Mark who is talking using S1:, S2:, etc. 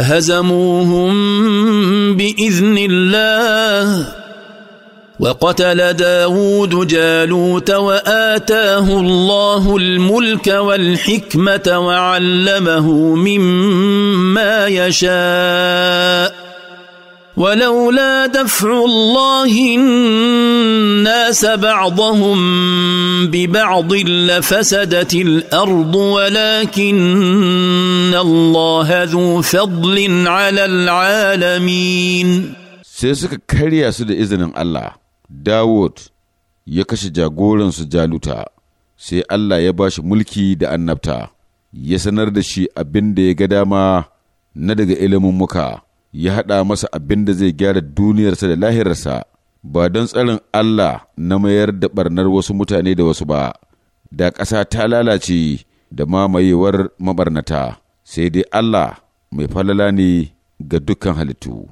S1: فهزموهم باذن الله وقتل داود جالوت واتاه الله الملك والحكمه وعلمه مما يشاء ولولا دفع الله الناس بعضهم ببعض لفسدت الارض ولكن الله ذو فضل على العالمين
S2: sai suka karya su da izinin Allah Dawud ya kashe jagoransu Jaluta sai Allah ya ba shi mulki da annabta ya sanar da shi abin da ya ga dama na daga ilimin muka ya haɗa masa abin da zai gyara duniyarsa da lahirarsa ba don tsarin Allah na mayar da barnar wasu mutane da wasu ba, da ƙasa ta lalace da mamayewar mabarnata sai dai Allah mai falala ne ga dukkan halittu.